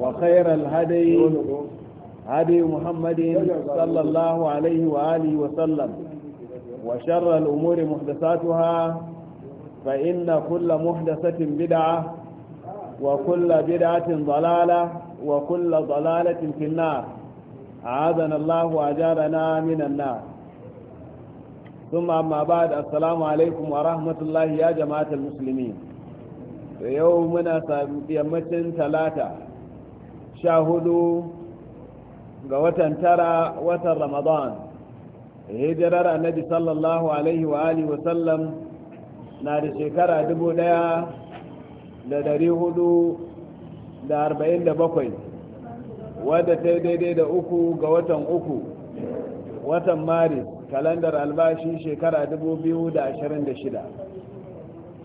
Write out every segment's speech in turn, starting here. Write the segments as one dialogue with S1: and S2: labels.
S1: وخير الهدي هدي محمد صلى الله عليه وآله وسلم وشر الأمور محدثاتها فإن كل محدثة بدعة وكل بدعة ضلالة وكل ضلالة في النار أعاذنا الله وأجارنا من النار ثم أما بعد السلام عليكم ورحمة الله يا جماعة المسلمين يومنا يمتن ثلاثة sha hudu ga watan tara watan ramadan hijirar annabi sallallahu alaihi wa alihi wasallam na da shekara dubu daya da dari hudu da arba'in da bakwai wadda ta yi daidai da uku ga watan uku watan maris kalandar albashi shekara dubu biyu da ashirin da shida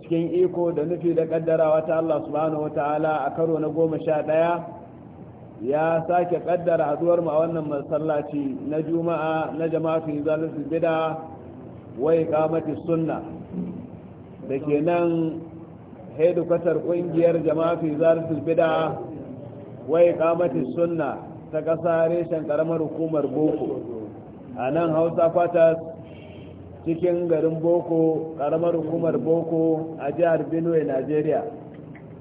S1: cikin iko da nufi da kaddarawa ta allah subhanahu wa ta'ala a karo na goma sha daya ya sake kaddara haduwar mu a wannan masallaci na juma'a na jama'atu zalatul bid'a wa iqamati sunna da ke nan hedukwatar kungiyar jama'atu zalatul bid'a wa iqamati sunna ta kasa reshen karamar hukumar boko a nan hausa kwatas cikin garin boko karamar hukumar boko a jihar benue nigeria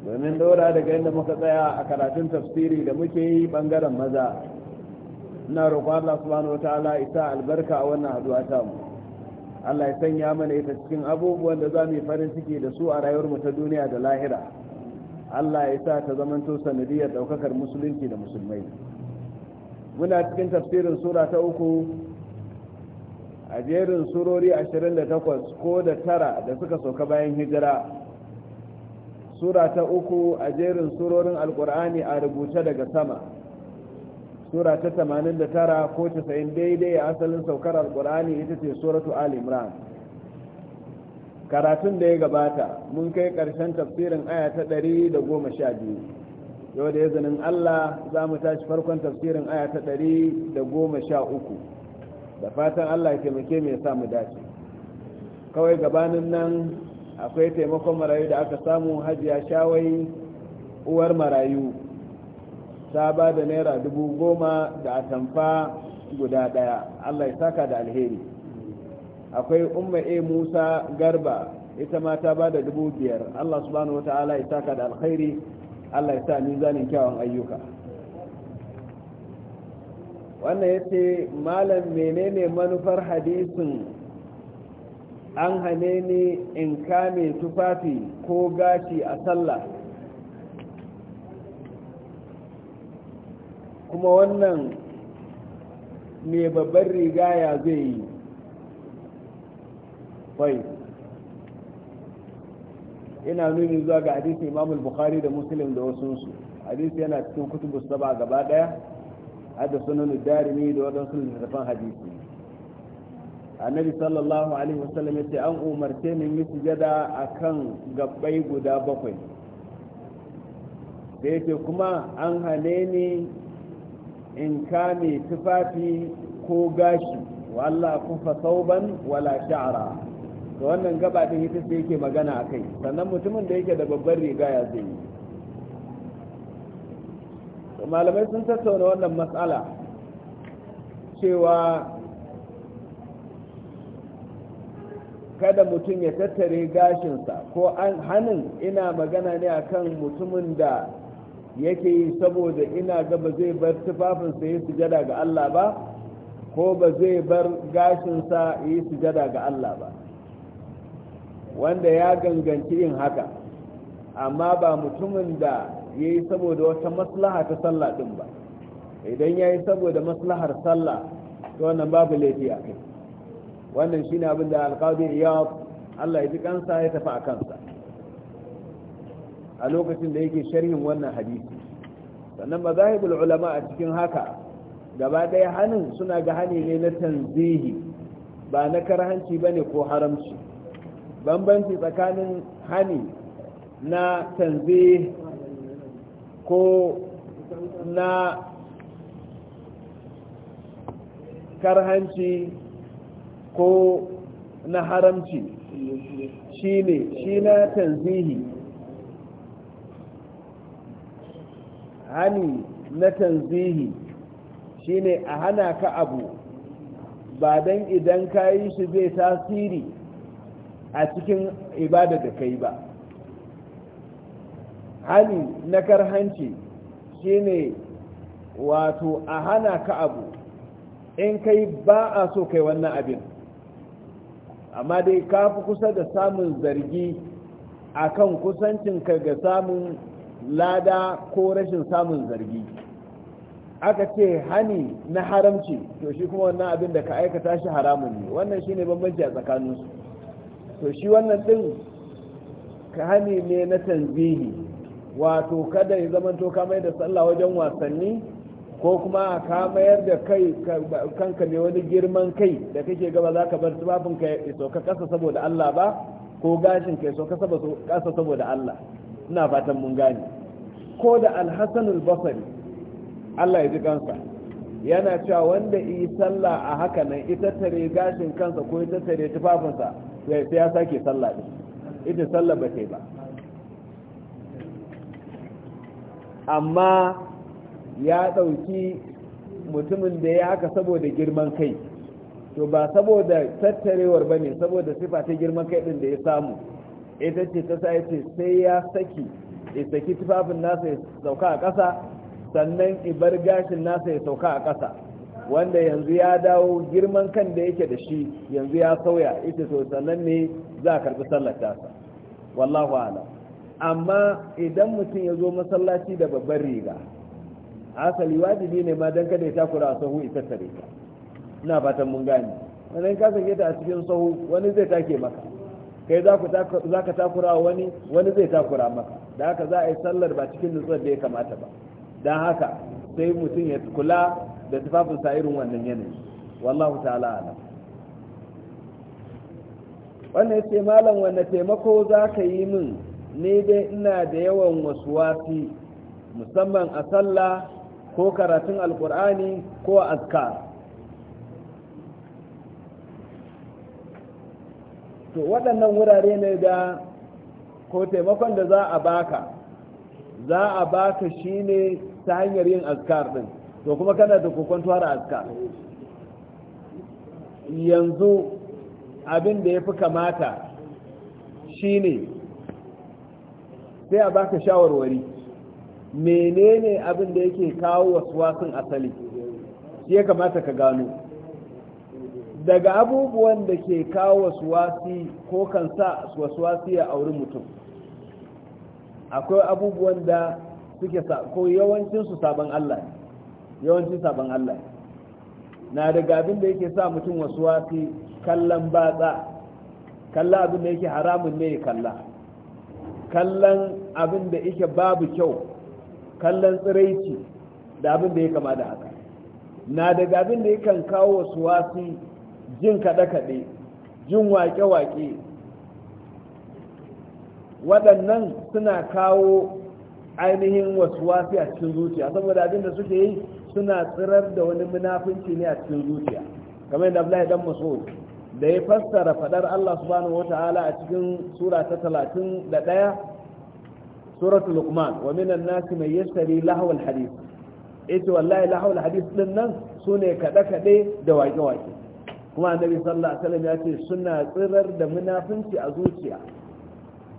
S1: domin dora daga inda muka tsaya a karatun tafsiri da muke yi bangaren maza na roƙon Allah subhanahu wataala isa albarka a wannan haduwa ta mu Allah ya sanya mana ita cikin abubuwan da za mu yi farin ciki da su a rayuwarmu ta duniya da lahira Allah ya sa ta zamanto sanadiyar daukakar musulunci da musulmai muna cikin tafsirin sura ta uku a jerin surori 28 ko da tara da suka sauka bayan hijira sura ta uku a jerin surorin alkur'ani a rubuta daga sama sura ta 89 ko casa'in daidai a asalin saukar alkur'ani ita ce suratu al-imran karatun da ya gabata mun kai karshen tafsirin aya ta ɗari da 112 yau da izinin Allah za mu tashi farkon tafsirin aya ta ɗari da goma sha uku da fatan Allah ya taimake mai sa mu dace kawai gabanin nan akwai taimakon marayu da aka samu hajiya shawai uwar marayu ta ba da naira dubu goma da atamfa guda daya allah ya saka da alheri akwai umma e musa garba ita ma ta ba da dubu biyar allah subhanahu wa ta'ala ya saka da alkhairi allah ya sa mizanin kyawun ayyuka wannan ya ce malam menene manufar hadisin an hane ni in kame tufafi ko gashi a sallah kuma wannan mai babban riga ya zai yi fai ina nuni zuwa ga hadisi imamul bukhari da muslim da wasunsu hadisi yana cikin kutubus saba gaba daya hada sunan darimi da waɗansu littattafan hadisi annabi sallallahu alaihi wasallam ya ce an umarce ni yi sujada akan gabbai guda bakwai da yake kuma an hane ni in kame tufafi ko gashi wala kufa sauban wala sha'ara to wannan gaba din ita ce yake magana a kai sannan mutumin da yake da babbar riga ya zai malamai sun tattauna wannan matsala cewa kada mutum ya tattare gashinsa ko an hannun ina magana ne akan mutumin da yake yi saboda ina ga ba zai bar tufafinsa yi sujada ga Allah ba ko ba zai bar gashinsa yi sujada ga Allah ba wanda ya ganganci yin haka amma ba mutumin da ya yi saboda wata maslaha ta sallah ɗin ba idan ya yi saboda maslahar sallah to wannan babu laifi a kai wannan shine abin da alqadi iyad Allah ya ji kansa ya tafi a kansa a lokacin da yake sharhin wannan hadisi sannan mazahibul ulama a cikin haka gaba ɗaya hannun suna ga hani ne na tanzihi ba na karhanci ba ne ko haramci bambanci tsakanin hani na tanzihi ko na karhanci ko na haramci shi ne shi na tanzihi hani na tanzihi shi ne a hana ka abu ba don idan ka yi shi zai tasiri a cikin ibada da kai ba hani na karhanci shi ne wato a hana ka abu in kai ba a so kai wannan abin amma dai ka fi kusa da samun zargi a kan kusancinka ga samun lada ko rashin samun zargi aka ce hani na haramci to shi kuma wannan abin da ka aikata shi haramun ne wannan shi ne bambanci a tsakaninsu to shi wannan ɗin ka hani ne na tanzihi wato kada ya zama to ka mai da sallah wajen wasanni ko kuma ka mayar da kai kanka ne wani girman kai da kake gaba za ka bar ka ya ka kasa saboda Allah ba ko gashin ka ya sauka kasa saboda Allah ina fatan mun gane ko da alhassanul basari Allah ya ji kansa yana cewa wanda yi sallah a haka nan ita tare gashin kansa ko ita tare tufafinsa sai ya sake sallah din ita sallah ba ta ba amma ya ɗauki mutumin da ya haka saboda girman kai to ba saboda tattarewar ba ne saboda sifa ta girman kai ɗin da ya samu ita ce ta sa ce sai ya saki ya saki tufafin nasa ya sauka a ƙasa sannan ibar gashin nasa ya sauka a ƙasa wanda yanzu ya dawo girman kan da yake da shi yanzu ya sauya ita to sannan ne za a karɓi sallar tasa wallahu ala amma idan mutum ya zo masallaci da babbar riga asali wajibi ne ma don kada ya takura a sahu ita tare ta ina fatan mun gane wannan ka sake ta a cikin sahu wani zai take maka kai za ka takura wani wani zai takura maka da haka za a yi sallar ba cikin nutsar da ya kamata ba don haka sai mutum ya kula da sa irin wannan yanayi wallahu ta'ala ala wannan ya ce malam wanne taimako za ka yi min ne dai ina da yawan wasu wasi musamman a sallah ko karatun alkur'ani ko azkar to waɗannan wurare ne da ko taimakon da za a baka za a baka shine ta hanyar yin azkar ɗin to kuma kana da kokon tuwara azkar yanzu abin da ya fi kamata shine sai a baka shawarwari menene abin da yake kawo waswasin asali shi ya kamata ka gano daga abubuwan da ke kawo waswasi ko kan sa waswasi ya auri mutum akwai abubuwan da suke ko yawancin su saban Allah yawancin saban Allah na daga abin da yake sa mutum waswasi kallon batsa kalla abin da yake haramun ne kalla kallon abin da yake babu kyau kallon tsiraici da abin da ya kama da haka na daga abin da yakan kawo wasu jin kaɗe-kaɗe jin waƙe-waƙe waɗannan suna kawo ainihin wasu wasu a cikin zuciya saboda abin da suke yi suna tsirar da wani munafinci ne a cikin zuciya kamar yadda abu dan maso da ya fassara faɗar Allah subhanahu ta'ala a cikin sura ta talatin da ɗaya. suratul lukman wa minan nasi mai yashtari lahawal hadith ita wallahi lahawar hadith din nan sune kaɗe kaɗe da waƙe waƙe kuma annabi sallallahu alaihi wasallam ya ce suna tsirar da munafunci a zuciya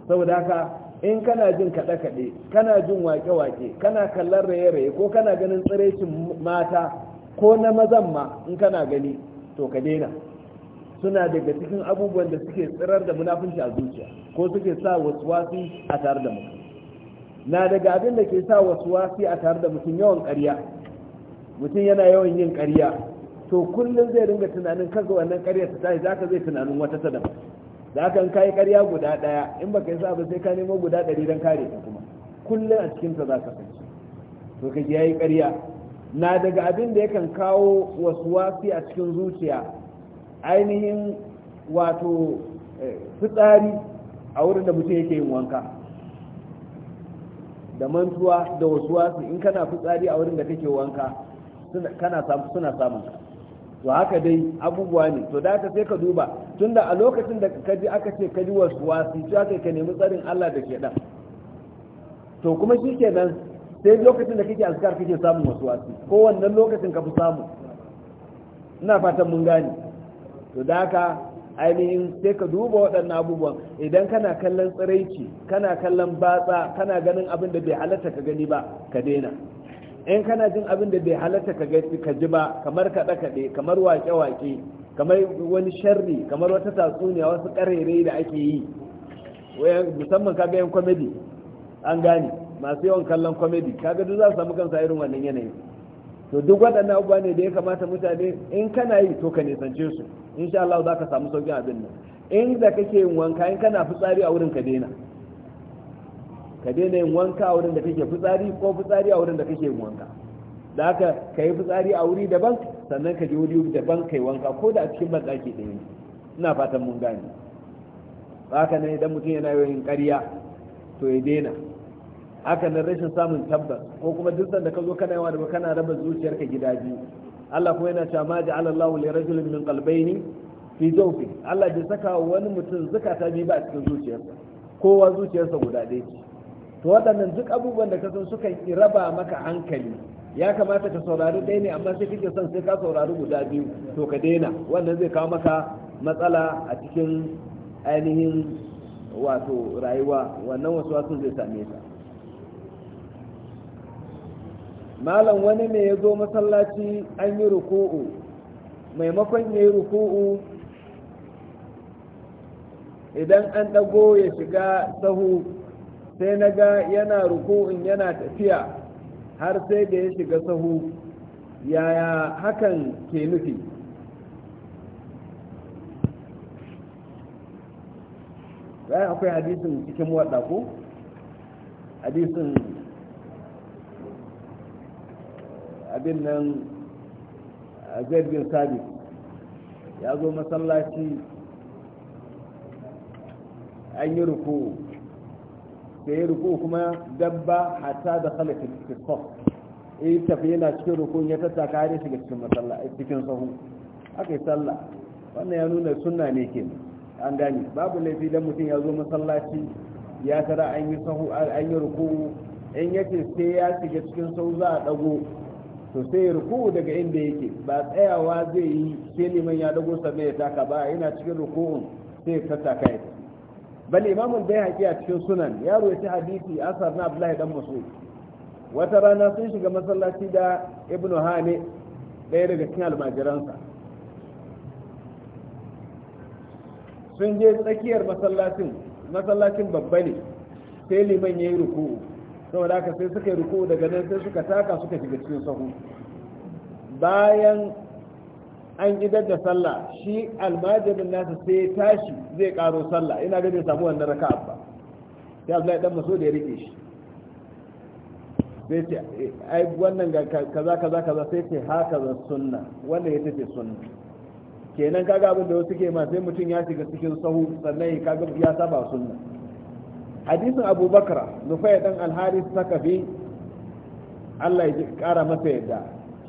S1: saboda haka in kana jin kaɗe kaɗe kana jin waƙe waƙe kana kallon raye raye ko kana ganin tsiraicin mata ko na mazan ma in kana gani to ka daina suna daga cikin abubuwan da suke tsirar da munafunci a zuciya ko suke sa wasu a tare da mutum na daga abin da ke sa wasu wasi a tare da mutum yawan ƙarya mutum yana yawan yin ƙarya to kullum zai ringa tunanin kaga wannan ƙarya ta tashi zaka zai tunanin wata ta daban da haka ka yi ƙarya guda ɗaya in ka yi sa ba sai ka nemo guda ɗari don kare ta kuma kullum a cikin ta ka kasance to ka ya yi ƙarya na daga abin da yakan kawo wasu wasi a cikin zuciya ainihin wato eh, fitsari a wurin da mutum yake yin wanka da mantuwa da wasu wasu in kana fitsari a wurin da kake wanka kana samu suna samun to haka dai abubuwa ne to da sai ka duba tunda a lokacin da ka ji aka ce ka ji wasu wasu shi aka ka nemi tsarin Allah da ke dan to kuma shi nan sai lokacin da kake azkar kake samun wasu wasu ko wannan lokacin ka fi samu ina fatan mun gane to da haka ainihin sai ka duba waɗannan abubuwan idan kana kallon tsiraici kana kallon batsa kana ganin abin da bai halatta ka gani ba ka daina in kana jin abin da bai halatta ka ji ba kamar kaɗe-kaɗe kamar wake-wake kamar wani sharri kamar wata tatsuniya wasu ƙarere da ake yi musamman kaga yan kwamedi an gane masu yawan kallon kwamedi kaga duk za su samu kansa irin wannan yanayi to duk waɗannan abubuwa ne da ya kamata mutane in kana yi to ka nisance su sha Allah za ka samu sauƙin abin nan In da kake yin wanka in kana fitsari a wurin ka daina ka daina yin wanka a wurin da kake fitsari ko fitsari a wurin da kake yin wanka da haka ka yi fitsari a wuri daban sannan ka je wuri daban ka yi wanka ko da a cikin ke ɗaya ne ina fatan mun gane haka nan idan mutum yana yin ƙarya to ya daina haka nan rashin samun tabbas ko kuma duk da ka zo kana yawa da kana raba zuciyarka gida biyu Allah kuma yana cewa ma ja'ala Allahu li rajulin min qalbayni fi zawfi Allah bai saka wani mutum zakata biyu ba a cikin zuciyarsa kowa zuciyarsa guda ɗaya ce to waɗannan duk abubuwan da ka san sukan raba maka hankali ya kamata ka saurari ɗaya ne amma sai kake son sai ka saurari guda biyu to ka daina wannan zai kawo maka matsala a cikin ainihin wato rayuwa wannan wasu wasu zai same ta malam wani ne ya zo masallaci an yi ruku'u maimakon ya yi ruku'u idan an ɗago ya shiga sahu sai na ga yana ruku'un yana tafiya har sai da ya shiga sahu yaya hakan ke nufi bayan akwai hadisin cikin waɗa ko hadisin abin nan zaid bin sabit ya zo masallaci an yi ruku sai yi ruku kuma dabba hata da khalifin fiskof in eh, tafi yana cikin rukun ya tattaka har shiga cikin a cikin sahu aka yi sallah wannan ya nuna sunna ne ke an gani babu laifi don mutum ya zo masallaci ya tara an yi sahu an yi ruku in yake sai ya shiga cikin sahu za a dago to sai ya ruku daga inda yake ba tsayawa zai yi sai liman ya dago sabai ya taka ba yana cikin ruku'un sai ya tattaka ya tafi bal imamul bayhaqi a cikin sunan ya rawaita hadisi asar na abdullahi dan mas'ud wata rana sun shiga masallaci da ibnu hani ɗaya daga cikin almajiransa sun je tsakiyar masallacin masallacin babba ne sai liman ya yi ruku'u saboda haka sai suka yi ruku daga nan sai suka taka suka shiga cikin sahu bayan an idar da sallah shi almajirin nasa sai tashi zai karo sallah ina gani bai samu wannan raka'a ba sai Abdullahi dan maso da ya rike shi sai ce ai wannan ga kaza kaza kaza sai ce haka za sunna wannan ya ce sunna kenan kaga abin da wasu ke ma sai mutum ya shiga cikin sahu sannan ya kaga ya saba sunna hadisin abubakar nufai dan alharis sakafi allah ya kara masa yadda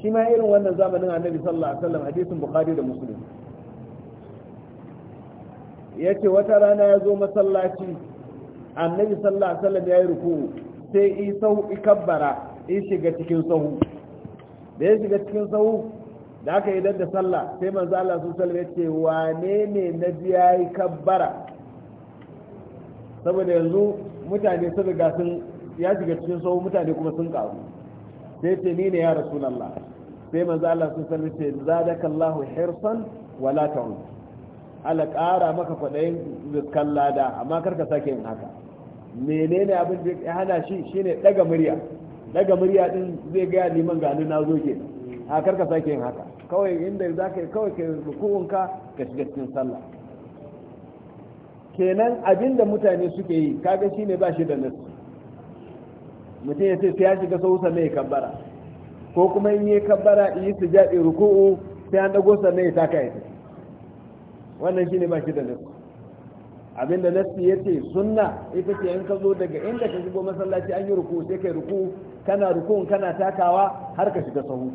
S1: shi ma irin wannan zamanin annabi sallallahu alaihi wasallam hadisin bukhari da muslim yace wata rana ya zo masallaci annabi sallallahu alaihi wasallam ya yi ruku sai i sau i kabbara shiga cikin sahu da ya shiga cikin sahu da aka yi da sallah sai manzo Allah sallallahu alaihi wasallam ce wane ne na biya yi kabbara saboda yanzu mutane sun riga sun ya shiga cikin sau mutane kuma sun karu sai ce ni ne ya rasulallah sai manzo Allah sun sanar ce zadaka Allahu hirsan wala ta'ud ala ƙara maka kwaɗayin rizkan lada amma kar ka sake yin haka menene abin da ya hana shi shine daga murya daga murya din zai ga liman gani na zo ke a kar ka sake yin haka kawai inda zaka kawai ka ruku'unka ka shiga cikin sallah kenan abin da mutane suke yi kaga shine ba shi da nasu mutum ya ce sai ya shiga sausa mai ya kabbara ko kuma in yi kabbara in yi sujaɗe ruku'u sai an ɗago sa ya taka ya wannan wannan shine ba shi da nasu abin da nasu ya ce sunna ita ce in ka zo daga inda ka shigo masallaci an yi ruku'u sai kai ruku'u kana ruku'un kana takawa har ka shiga sahu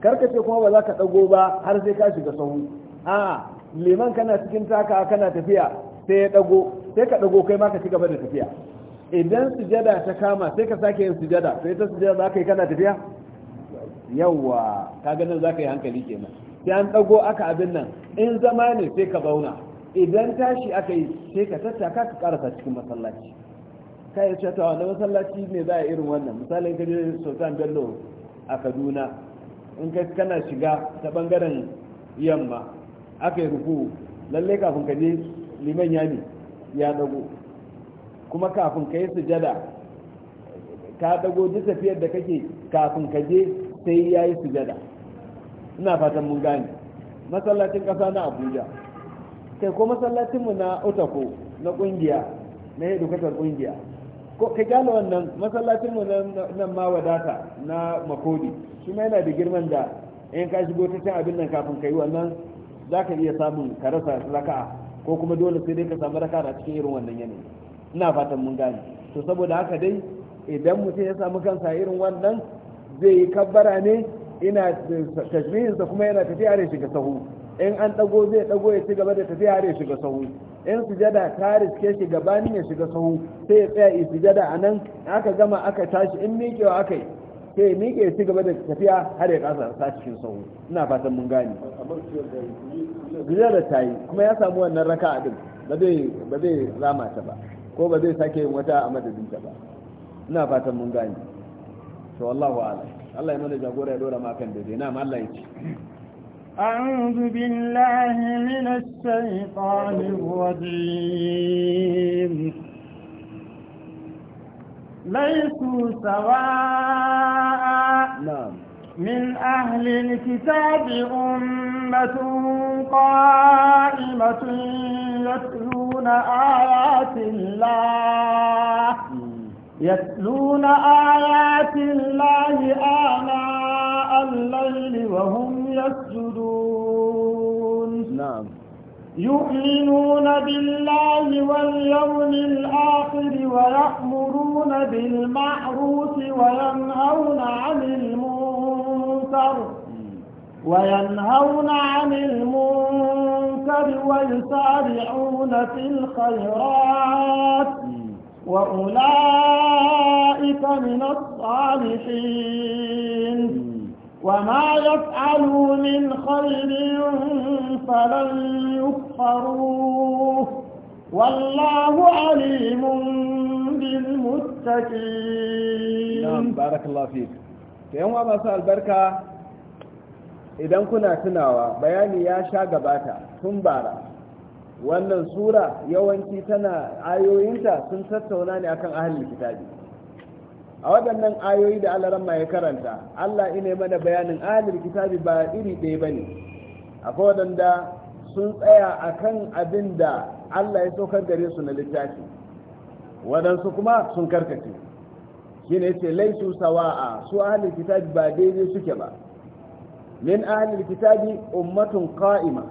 S1: kar ka ce kuma ba za ka ɗago ba har sai ka shiga sahu a'a liman kana cikin takawa kana tafiya sai ya dago sai ka dago kai ma ka ci gaba da tafiya idan sujada ta kama sai ka sake yin sujada sai ta sujada za ka yi kana tafiya yawwa ka ganin za ka yi hankali kenan sai an dago aka abin nan in zama ne sai ka zauna idan tashi aka yi sai ka tattaka ka karasa cikin masallaci ka yi cewa wanda masallaci ne za a irin wannan misali ka je sultan bello a kaduna in ka kana shiga ta bangaren yamma aka yi ruku lallai kafin ka je liman ya ne ya dago kuma kafin ka yi sujada ka dago ji tafiyar da kake kafin ka je sai ya yi sujada ina fatan mun gane masallacin ƙasa na abuja kai ko masallacinmu na otako na ƙungiya na hedukatar ƙungiya ko ka gane wannan masallacinmu nan ma wadata na makodi shi ma yana da girman da in ka shigo ta cin abin nan kafin ka yi wannan za ka iya samun ka rasa raka'a ko kuma dole sai dai ka samu raka a cikin irin wannan yanayi ina fatan mun gane to saboda haka dai idan mutum ya samu kansa irin wannan zai yi kabbara ne ina tashbihinsa kuma yana tafiya da shiga sahu in an dago zai dago ya ci gaba da tafiya da shiga sahu in sujada ta riske shi gabanin ya shiga sahu sai ya tsaya sujada a nan aka gama aka tashi in miƙewa aka yi sai ya miƙe ci gaba da tafiya har ya kasa sa cikin sauhu ina fatan mun gane gujera ta yi kuma ya samu wannan raka a din ba zai rama ta ba ko ba zai sake yin wata a madadin ta ba ina fatan mun gane to wallahu a'lam Allah ya mana jagora ya dora makan da dai na Allah ya ci
S2: أعوذ بالله من الشيطان الرجيم ليسوا سواء نعم من أهل الكتاب أمة قائمة يتلون آيات الله يتلون آيات الله آناء الليل وهم يسجدون نعم يؤمنون بالله واليوم الآخر ويأمرون بالمعروف وينهون عن المنكر وينهون عن المنكر ويسارعون في الخيرات وأولئك من الصالحين وما يفعلوا من خير فلن يكفروه والله عليم بالمتقين نعم
S1: بارك الله فيك يوم ما سأل بركة إذا كنا تناوى بياني يا شاق باتا ثم بارا وأن الصورة يوانتي تنا عيوينتا سنستوناني أكن أهل الكتابي a waɗannan ayoyi da Allah ramma ya karanta Allah ina mana bayanin ahlul kitabi ba iri ɗaya bane akwai waɗanda sun tsaya akan abin da Allah ya saukar gare su na littafi waɗansu kuma sun karkace Shi ne yace laisu sawa'a su ahlul kitabi ba daidai suke ba min ahlul kitabi ummatun qa'ima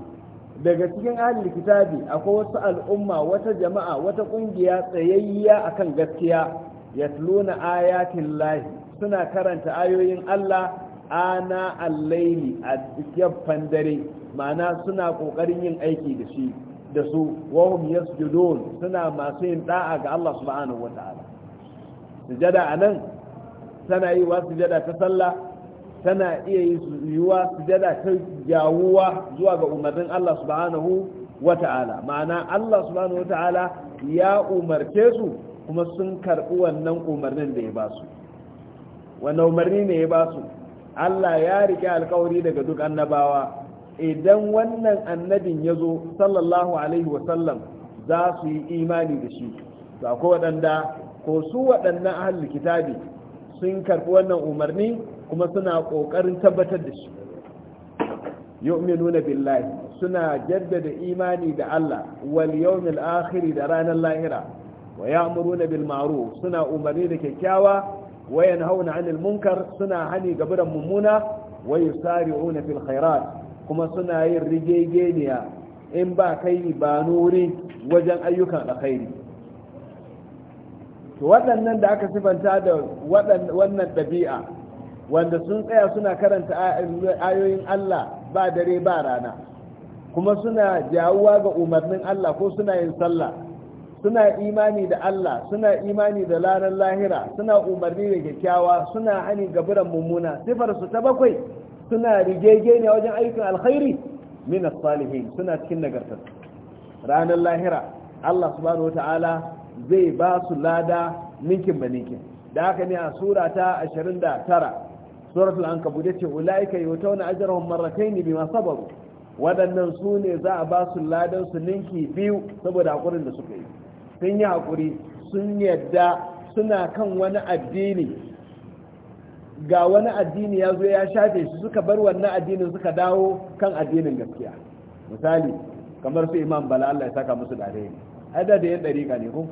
S1: daga cikin ahlul kitabi akwai wasu al'umma wata jama'a wata ƙungiya, tsayayya akan gaskiya yatluna ayatin lahi suna karanta ayoyin Allah ana allaili a yaffan dare ma'ana suna ƙoƙarin yin aiki da shi da su wahum yasjudun suna masu yin da'a ga Allah subhanahu wata'ala sujada anan tana yi wa sujada ta sallah tana iya yi wa sujada ta jawuwa zuwa ga umarnin Allah subhanahu wata'ala ma'ana Allah subhanahu wata'ala ya umarce su kuma sun karɓi wannan umarnin da ya ba su wannan umarni ne ya ba su Allah ya rike alkawari daga duk annabawa idan wannan annabin ya zo sallallahu alaihi wasallam za su yi imani da shi to ko waɗanda ko su waɗannan ahalin kitabi sun karɓi wannan umarni kuma suna ƙoƙarin tabbatar da shi yu'minuna billahi suna jaddada imani da Allah wal yawmil akhir da ranar lahira wa ya'muruna bil ma'ruf suna umarni da kyakkyawa wa yanhauna 'anil munkar suna hani ga mummuna wa yusari'una fil khairat kuma suna yin rigegeniya in ba kai ba nuri wajen ayyukan alkhairi to waɗannan da aka sifanta da wannan ɗabi'a wanda sun tsaya suna karanta ayoyin Allah ba dare ba rana kuma suna jawuwa ga umarnin Allah ko suna yin sallah suna imani da Allah suna imani da ranar lahira suna umarni da kyakkyawa suna hani gaburan mummuna sifarsu ta bakwai suna rigege ne wajen aikin alkhairi min salihin suna cikin nagartar ranar lahira Allah subhanahu wataala zai ba su lada ninkin ba ninkin da haka ne a sura ta 29 suratul ankabut yace ulaika yutawna ajrahum marratayn bima sabaru wadannan su ne za a ba su ladan su ninki biyu saboda hakurin da suka yi sun yi haƙuri sun yadda suna kan wani addini ga wani addini ya zo ya shafe shi suka bar wannan addinin suka dawo kan addinin gaskiya misali kamar su imam bala Allah ya saka musu dare ne ada da yan dariƙa ne ko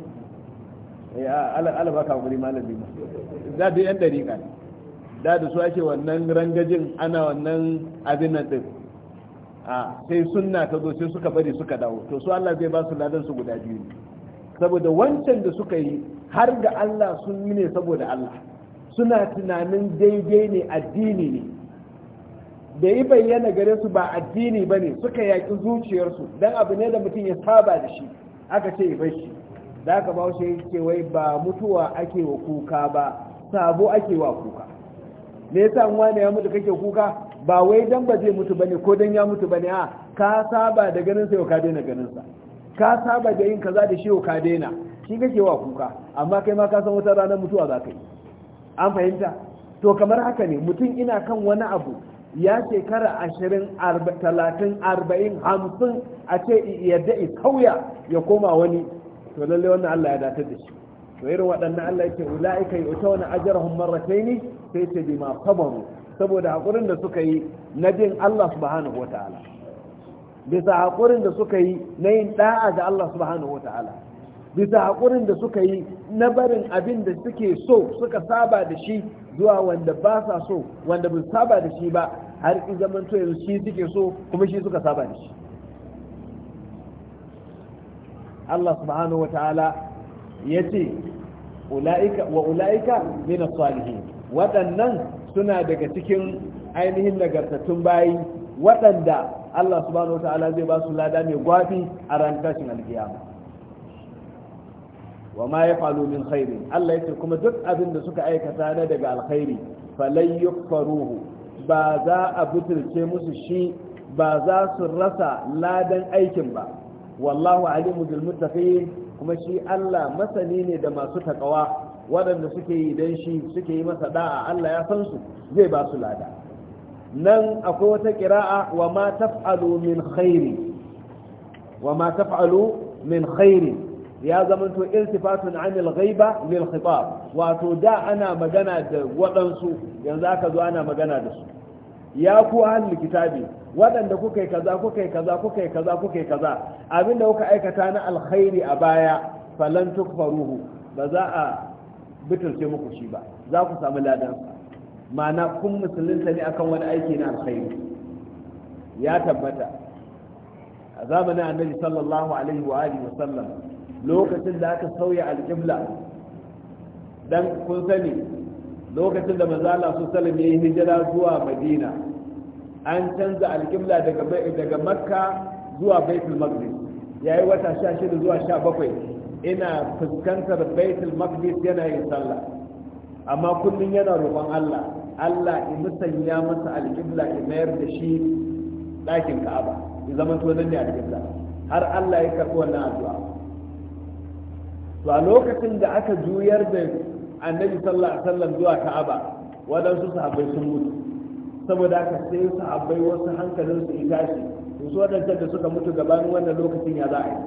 S1: eh ala baka guri malami da da yan dariƙa ne da da su ake wannan rangajin ana wannan abin nan din a sai sunna ta zo sai suka bari suka dawo to su Allah zai ba su ladan su guda biyu saboda wancan da suka yi har ga Allah sun yi ne saboda Allah suna tunanin daidai ne addini ne da yi bayyana gare su ba addini ba ne suka yaƙi zuciyarsu don abu ne da mutum ya saba da shi aka ce yi bashi da aka ba shi yake wai ba mutuwa ake wa kuka ba sabo ake wa kuka me yasa wani ya mutu kake kuka ba wai dan ba zai mutu bane ko dan ya mutu bane a ka saba da ganin sa yau ka daina ganin sa ka saba da yin kaza da shehu ka daina shi kake wa kuka amma kai ma ka san wata ranar mutuwa za ka yi an fahimta to kamar haka ne mutum ina kan wani abu ya shekara ashirin talatin arba'in hamsin a ce yadda i kauya ya koma wani to lalle wannan Allah ya datar da shi to irin waɗannan Allah yake ula'ika yi uta wani ajarahun marrataini sai ce bima sabaru saboda haƙurin da suka yi na jin Allah subhanahu wa ta'ala bisa haƙurin da suka yi na yin ɗa'a da Allah subhanahu wata'ala bisa haƙurin da suka yi na barin abin da suke so suka saba da shi zuwa wanda ba sa so wanda bin saba da shi ba har in zaman to yanzu shi suke so kuma shi suka saba da shi Allah subhanahu wata'ala ya ce wa ula'ika min salihin waɗannan suna daga cikin ainihin nagartattun bayi waɗanda Allah subhanahu wata'ala zai ba su lada mai gwafi a ran tashin alkiyama wa ma ya falo min khairi Allah ya ce kuma duk abin da suka aikata na daga alkhairi falai yukfaruhu ba za a butulce musu shi ba za su rasa ladan aikin ba wallahu alimu bil muttaqin kuma shi Allah masani ne da masu takawa waɗanda suke yi don shi suke yi masa da'a Allah ya san su zai ba su lada nan akwai wata ƙira'a wa ma taf'alu min khairi wa ma taf'alu min khairi ya zamanto iltifatun anil ghaiba lil khitab wato da ana magana da waɗansu yanzu aka zo ana magana da su ya ku ahlul kitabi waɗanda kuka yi kaza kuka yi kaza kuka yi kaza kuka yi kaza abinda kuka aikata na alkhairi a baya falan tukfaruhu ba za a bitirce muku shi ba za ku samu ladan ma'ana kun musulunta ne akan wani aiki na alkhairi ya tabbata a zamanin annabi sallallahu alaihi wa alihi wasallam lokacin da aka sauya alƙibla dan kun sani lokacin da manzo Allah su sallam yayi hijira zuwa Madina an canza alƙibla daga daga Makka zuwa Baitul Maqdis yayi wata 16 zuwa 17 ina fuskantar Baitul Maqdis yana yin sallah amma kullum yana roƙon Allah Allah in musanya masa alƙibla in mayar da shi ɗakin Ka'aba in zama to nan ne alƙibla har Allah ya karɓi wannan addu'a to a lokacin da aka juyar da Annabi sallallahu alaihi wasallam zuwa Ka'aba waɗansu sahabbai sun mutu saboda haka sai sahabbai wasu hankalinsu ya tashi to su waɗancan da suka mutu gaban wannan lokacin ya za a yi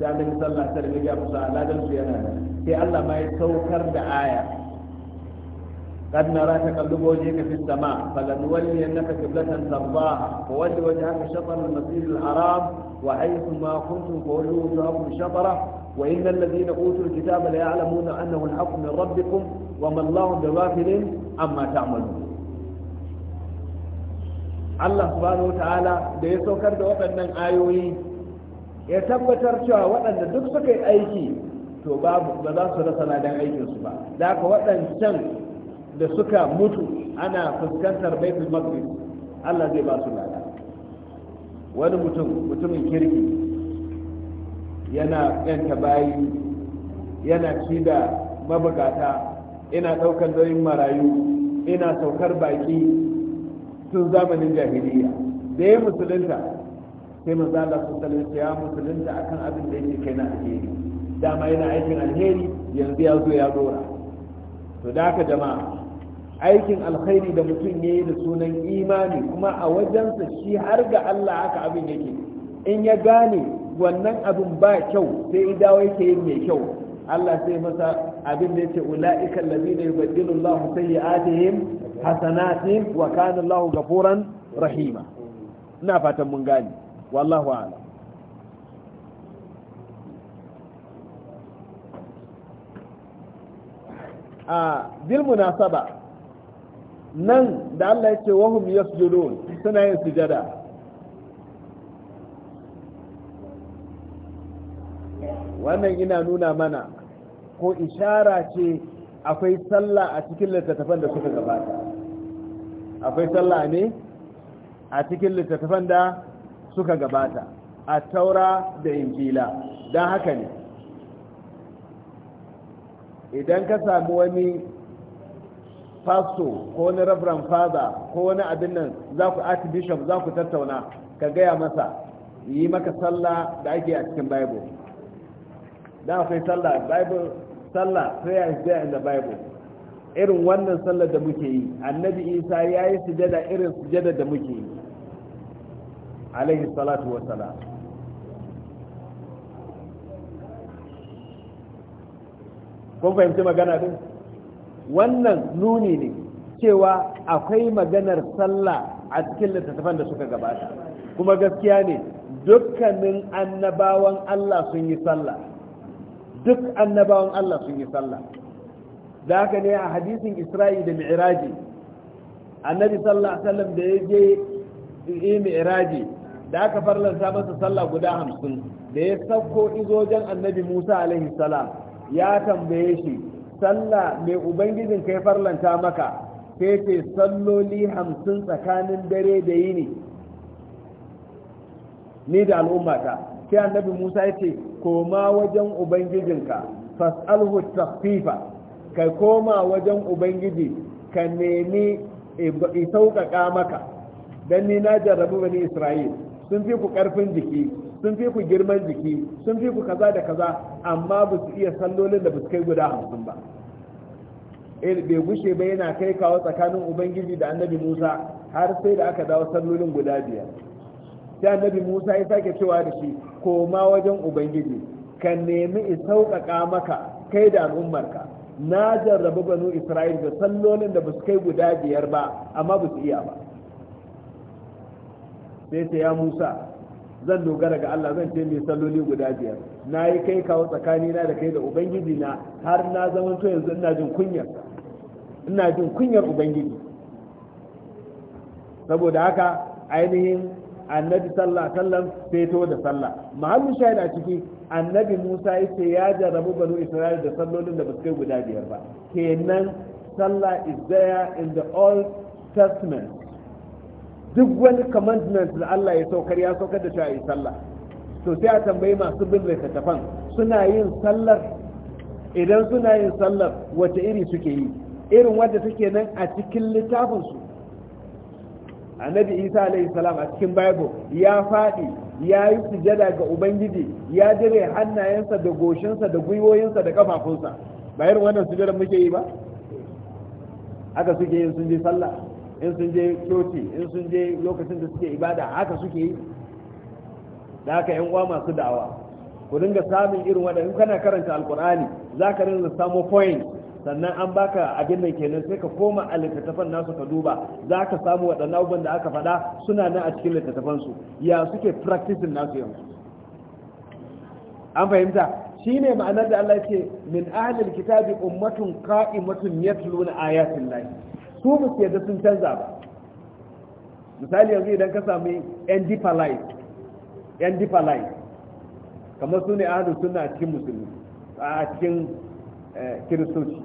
S1: da annabi sallallahu alaihi wasallam ya musu aladan su yana sai Allah ma ya saukar da aya قد نرى تقلب وجهك في السماء فلنولينك قبلة ترضاها وول وجهك شطر المسجد الحرام وحيثما كنتم فولوا وجوهكم شطرة وإن الذين أوتوا الكتاب ليعلمون أنه الحق من ربكم وما الله بغافل عما تعملون Allah subhanahu wata'ala da ya saukar da waɗannan ayoyi ya tabbatar cewa waɗanda duk suka yi aiki to ba za su rasa ladan aikinsu ba da haka waɗancan da suka mutu ana fuskantar baitul maqdis Allah zai ba su lada wani mutum mutumin kirki yana yanta bayi yana ci da mabugata ina daukar nauyin marayu ina saukar baki tun zamanin jahiliya da ya musulunta sai manzo Allah sallallahu ya musulunta akan abin da yake kai na alheri dama yana aikin alheri yanzu ya zo ya dora to da haka jama'a aikin alkhairi da mutum ya yi da sunan imani kuma a wajensa shi har ga Allah haka abin yake in ya gane wannan abin ba kyau sai ya dawo yake yin mai kyau Allah sai masa abin da yake ula'ika allazina yubaddilu Allahu sayyi'atihim hasanatin wa kana ga ghafuran rahima ina fatan mun gane wallahu a'lam a ah, bil munasaba nan da Allah ya ce wahum yasjudun suna yin sujada wannan ina nuna mana ko ishara ce akwai sallah a cikin littattafan da suka gabata akwai sallah ne a cikin littattafan da suka gabata a taura da injila don haka ne idan ka sami wani pastor ko wani reverend father ko wani abin nan za ku archbishop za ku tattauna ka gaya masa yi maka sallah da ake a cikin bible da akwai sallah bible sallah prayer is there in the bible irin wannan sallar da muke yi annabi isa ya yi sujada irin sujada da muke yi alaihi salatu salam kun fahimci magana din wannan nuni ne cewa akwai maganar sallah a cikin littattafan da suka gabata kuma gaskiya ne dukkanin annabawan Allah sun yi sallah duk annabawan Allah sun yi sallah da haka ne a hadisin Isra'i da Mi'raji annabi sallallahu alaihi wasallam da ya je yi Mi'raji da aka farlanta masa sallah guda hamsin da ya sauko izo jan annabi Musa alaihi salam ya tambaye shi sallah mai ubangijin kai farlanta maka sai ce salloli hamsin tsakanin dare da yini ni da al'ummata sai annabi musa ya ce koma wajen ubangijinka fas'alhu tafifa kai koma wajen ubangiji ka nemi sauƙaƙa maka don ni na jarrabu bani isra'il sun fi ku ƙarfin jiki sun fi ku girman jiki sun fi ku kaza da kaza amma ba su iya sallolin da ba su kai guda hamsin ba eh, bai gushe ba yana kai kawo tsakanin ubangiji da annabi musa har sai da aka dawo sallolin guda biyar sai annabi musa ya sake cewa da shi koma wajen ubangiji ka nemi in sauƙaƙa maka kai da al'ummarka na jarrabu banu isra'il da sallolin da ba su kai guda biyar ba amma ba su iya ba sai sai ya musa zan dogara ga Allah zan ce mai salloli guda biyar na yi kai kawo tsakani na da kai da ubangiji na har na zaman to yanzu ina jin kunyar ina jin kunyar ubangiji saboda haka ainihin annabi sallah sallam feto da sallah mahallu shahid a ciki annabi musa ya ce ya jarrabu banu isra'il da sallolin da basu kai guda biyar ba kenan sallah is there in the old testament duk wani commandment da Allah ya saukar ya saukar da shi sallah to sai a tambayi masu bin littattafan suna yin sallar idan suna yin sallar wace iri suke yi irin wanda suke nan a cikin littafinsu annabi isa alaihi salam a cikin bible ya faɗi ya yi sujada ga ubangiji ya dire hannayensa da goshinsa da gwiwoyinsa da kafafunsa ba irin wannan sujada muke yi ba aka suke yin sun je sallah in sun je coci in sun je lokacin da suke ibada haka suke yi da haka yan uwa masu da'awa ku dinga samun irin waɗanda in kana karanta alkur'ani za ka rinka samo point sannan an baka abin da kenan sai ka koma a littattafan nasu ka duba za ka samu waɗannan abubuwan da aka faɗa suna nan a cikin littattafan su ya suke practicing nasu yanzu an fahimta Shi ne ma'anar da Allah ce min ahlil kitabi ummatun qa'imatun yatluna ayatin lahi su musu yadda sun canza ba misali yanzu idan ka sami yan deeper light kamar su ne ahadu suna cikin musulmi a cikin eh, kiristoci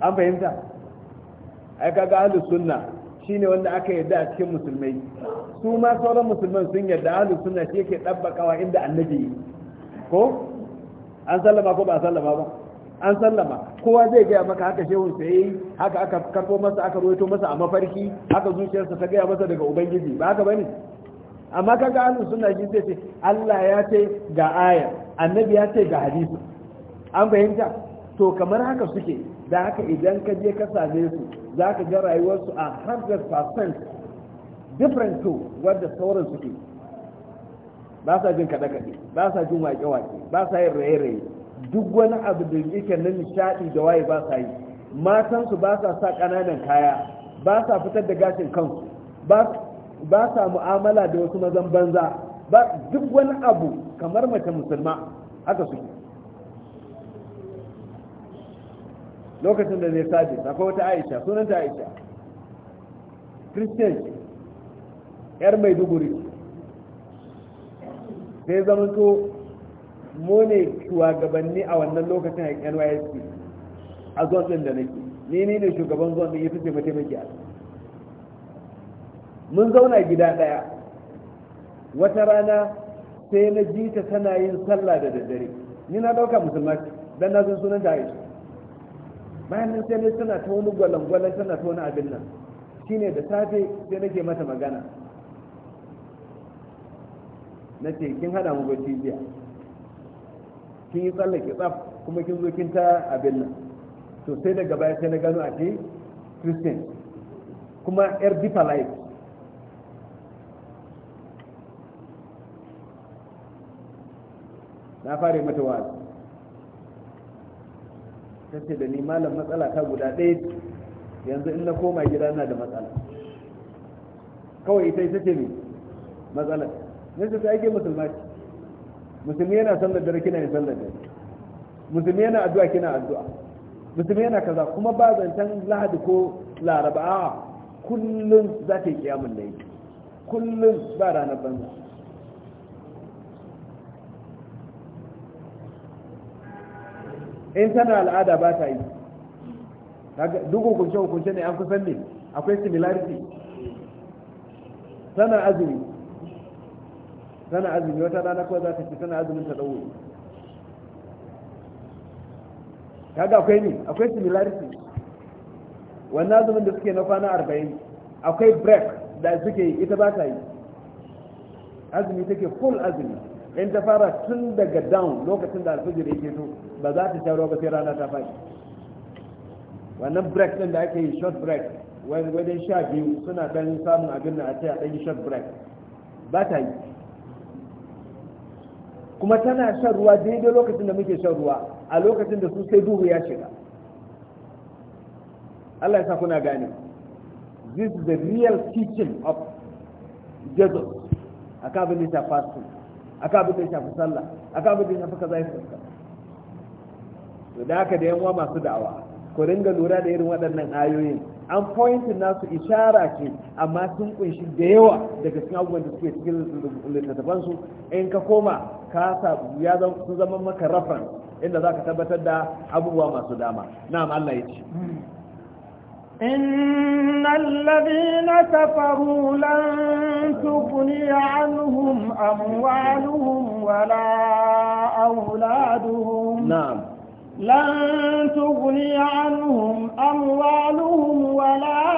S1: an fahimta ai kaga suna shi ne wanda aka yadda a cikin musulmai su ma sauran musulman sun yadda ahadu suna shi yake kawa inda annabi ko an sallama ko ba a sallama ba an sallama kowa zai gaya maka haka shehun sai haka aka karfo masa aka ruwaito masa a mafarki aka zuciyarsa ta gaya masa daga ubangiji ba haka bane amma kaga ahlus suna shi zai ce Allah ya ce ga aya annabi ya ce ga hadisi an fahimta to kamar haka suke da haka idan ka je ka same su zaka ka ga rayuwarsu a 100% different to wadda sauran suke ba sa jin kaɗe-kaɗe ba sa jin waƙe-waƙe ba sa yin raye-raye duk wani abu da yake na nishadi da waye ba sa yi matansu ba sa sa ƙananan kaya ba sa fitar da gashin kansu ba sa mu'amala da wasu mazan banza ba duk wani abu kamar mace musulma haka suke lokacin da zai sabi akwai wata aisha ta aisha christian yar maiduguri sai zamanto mu ne shugabanni a wannan lokacin a nysc a zuwan da nake ni ni ne shugaban zuwan ɗin ita ce mataimakiya mun zauna gida ɗaya wata rana sai na ji ta tana yin sallah da daddare ni na ɗauka musulma dan na san sunan da aisha bayan nan sai na tana ta wani gwalangwalan tana ta wani abin nan shine da safe sai nake mata magana na ce kin hada mu bacci jiya kin yi tsallake tsaf kuma kin zo kin ta abin nan to sai daga baya sai na gano a ce christian kuma yar deeper life na fara mata wa'azi ta ce da ni malam matsala ta guda ɗaya yanzu in na koma gida na da matsala kawai ita ita ce ne matsala nesa ta ake musulma ce musulmi yana sallar dare kina yin sallar dare musulmi yana addu'a kina addu'a musulmi yana kaza kuma ba zancen lahadi ko laraba a kullum za ta yi kiyamun layi kullum ba ranar banza in tana al'ada ba ta yi duk hukunce hukunce ne an kusan ne akwai similarity tana azumi Sana azumi wata rana kawai za ta ce sana azumin ta dawo kaga akwai ne akwai similarity wannan azumin da suke na kwana arba'in akwai break da suke yi ita ba ta yi azumi take full azumi in ta fara tun daga down lokacin da alfajir yake so ba za ta shawarwa ba sai rana ta fashi wannan break din da ake yi short break wajen sha biyu suna ɗan samun abin da a ce a ɗan yi short break ba ta yi kuma tana shan ruwa daidai lokacin da muke shan ruwa a lokacin da su sai duhu ya shiga Allah ya sa kuna gane this is the real teaching of Jesus aka abin da ya shafi aka akan abin da ya sallah aka abin da ya shafi kaza ya fuska to da haka da yan uwa masu da'awa ku ringa lura da irin waɗannan ayoyin an pointin nasu ishara ce amma sun kunshi da yawa daga cikin abubuwan da suke cikin su in ka koma ka sa ya zama maka rafan inda za ka tabbatar da abubuwa masu dama na'am Allah ya ce
S2: إن الذين كفروا لن تغني عنهم أموالهم ولا أولادهم نعم لن تغني عنهم أموالهم ولا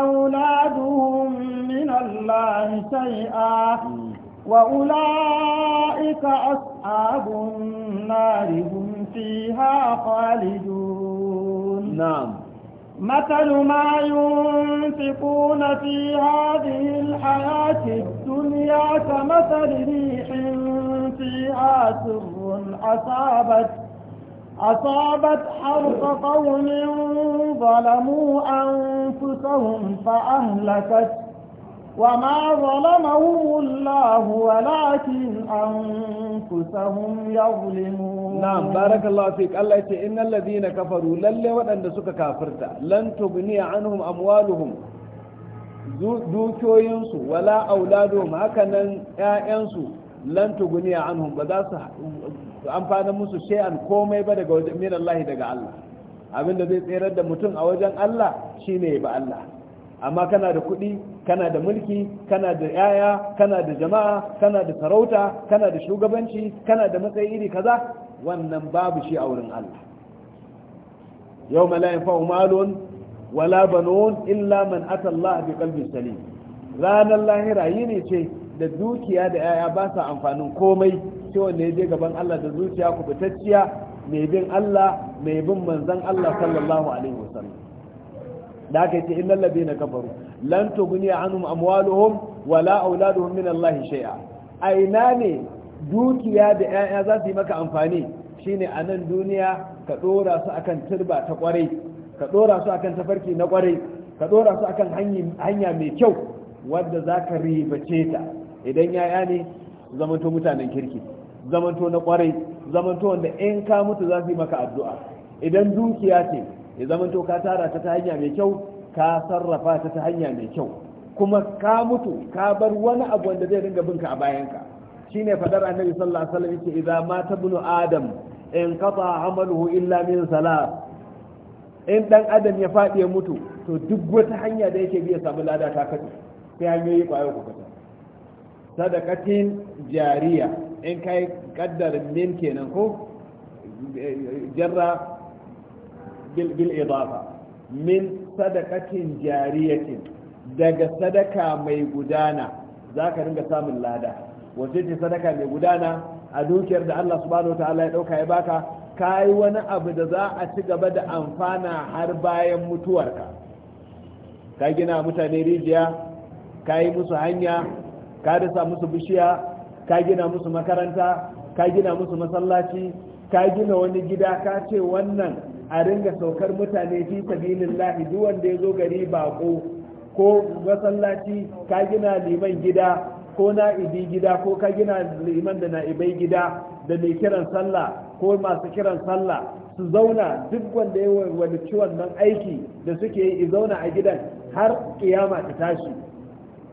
S2: أولادهم من الله شيئا وأولئك أصحاب النار هم فيها خالدون نعم مثل ما ينفقون في هذه الحياة الدنيا كمثل ريح فيها سر أصابت أصابت حرث قوم ظلموا أنفسهم فأهلكت وما ظلمهم الله ولكن أنفسهم يظلمون نعم بارك
S1: الله فيك الله يتي إن الذين كفروا للي ودن سك كافرت لن تغني عنهم أموالهم دوكيوينسو ولا أولادهم هكذا يا ينسو لن تغني عنهم بدا an amfanin musu shay'an komai ba daga wajen min Allah daga Allah Abin da zai tserar da mutum a wajen Allah shine ba Allah amma kana da kuɗi kana da mulki kana da yaya kana da jama'a kana da sarauta kana da shugabanci kana da matsayi iri kaza wannan babu shi a wurin Allah yau mala'in fa'u malun wala banun illa man ata Allah bi qalbin salim ranar lahira ne ce da dukiya da yaya ba sa amfanin komai kasance wanda ya je gaban Allah da zuciya kubutacciya mai bin Allah mai bin manzan Allah sallallahu alaihi wasallam da aka ce innal ladina kafaru lan tughni anhum amwaluhum wala auladuhum min Allah shay'a aina ne dukiya da 'ya'ya za su yi maka amfani shine a nan duniya ka dora su akan turba ta kwarai ka dora su akan tafarki na kwarai ka dora su akan hanya mai kyau wadda za ka ribace ta idan 'ya'ya ne zamanto mutanen kirki zamanto na kwarai zamanto wanda in ka mutu za su yi maka addu'a idan dukiya ce ya zamanto ka tara ta ta hanya mai kyau ka sarrafa ta ta hanya mai kyau kuma ka mutu ka bar wani abu wanda zai dinga binka a bayanka shine fadar annabi sallallahu alaihi wasallam yake idza mata adam in qata amaluhu illa min salat in dan adam ya faɗi ya mutu to duk wata hanya da yake biya samu lada ta kace sai hanyoyi kwayo ku kace sadaqatin jariya in kai kaddar min kenan ko jarra bil idafa min sadakatin jariyatin daga sadaka mai gudana za ka ringa samun lada wace ce sadaka mai gudana a dukiyar da Allah subhanahu ta'ala ya dauka ya baka ka yi wani abu da za a ci gaba da amfana har bayan mutuwarka ka gina mutane rijiya ka yi musu hanya ka dasa musu bishiya ka gina musu makaranta ka gina musu masallaci ka gina wani gida ka ce wannan a ringa saukar mutane fi lahi duk wanda ya zo gari bako ko masallaci ka gina liman gida ko na'ibi gida ko ka gina liman da na'ibai gida da mai kiran sallah ko masu kiran sallah su zauna duk wanda ya walici wannan aiki da suke yi zauna a gidan har kiyama ta tashi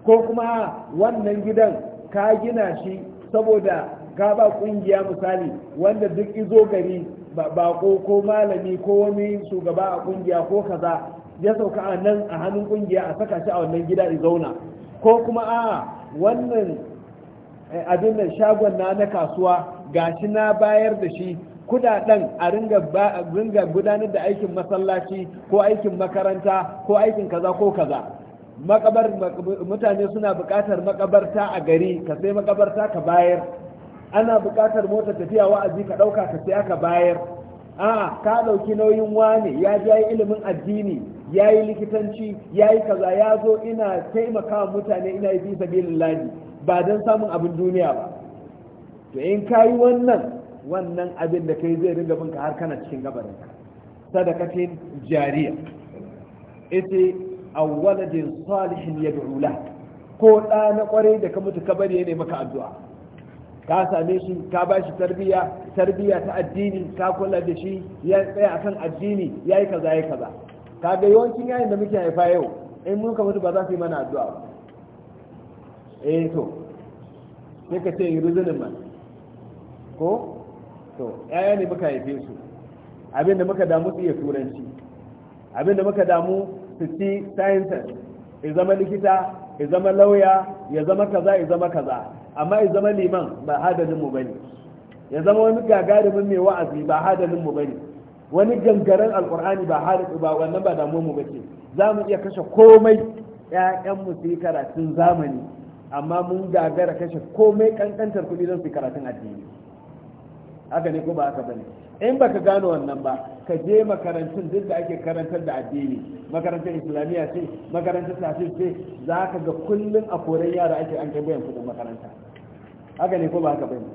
S1: ko kuma wannan gidan ka gina shi saboda ka ba kungiya misali wanda duk izo gari bako ko malami ko wani shugaba a kungiya ko kaza ya sauka a nan a hannun kungiya a saka shi a wannan gida zauna ko kuma a wannan eh, abin nan shagon na na kasuwa gashi na bayar da shi kudaden a ringa gudanar da aikin masallaci ko aikin makaranta ko aikin kaza ko kaza makabar mutane suna buƙatar makabarta a gari ka sai makabarta ka bayar ana buƙatar motar tafiya wa'azi ka ɗauka ka sai aka bayar a ka ɗauki nauyin wane ya ji ilimin addini ya yi likitanci ya yi kaza ya zo ina taimaka mutane ina yi bisa bilin ba don samun abin duniya ba to in ka yi wannan wannan abin da kai zai ringa binka har kana cikin gabarinka sadakatin jariya ita aw waladin salihin yad'u la ko da na kwarai da ka mutu ka bari ne maka addu'a ka same shi ka ba shi tarbiya tarbiya ta addini ka kula da shi ya tsaya akan addini yayi kaza yayi kaza ga yawancin yayin da muke haifa yau in mun ka mutu ba za su yi mana addu'a ba eh to sai ka ce yuruzunin man ko to yaya ne muka haife su abinda muka damu su iya turanci abinda muka damu su ci sciences ya zama likita ya zama lauya ya zama kaza ya zama kaza amma ya zama liman ba hadalinmu ba ne. ya zama wani gagarumin mai wa'azi ba hadalinmu ba ne. wani gangaren alkur'ani ba hadalinmu ba wannan ba damuwa mu ce za mu iya kashe komai 'ya'yanmu mu su yi karatun zamani amma mun gagara kashe komai kankantar kuɗi don su karatun addini haka ne ko ba haka ne in baka gano wannan ba ka je makarantun duk da ake karantar da addini makarantar islamiyya ce makarantar tafis ce za ka ga kullum a koren yara ake an kai bayan kudin makaranta haka ne ko ba haka bane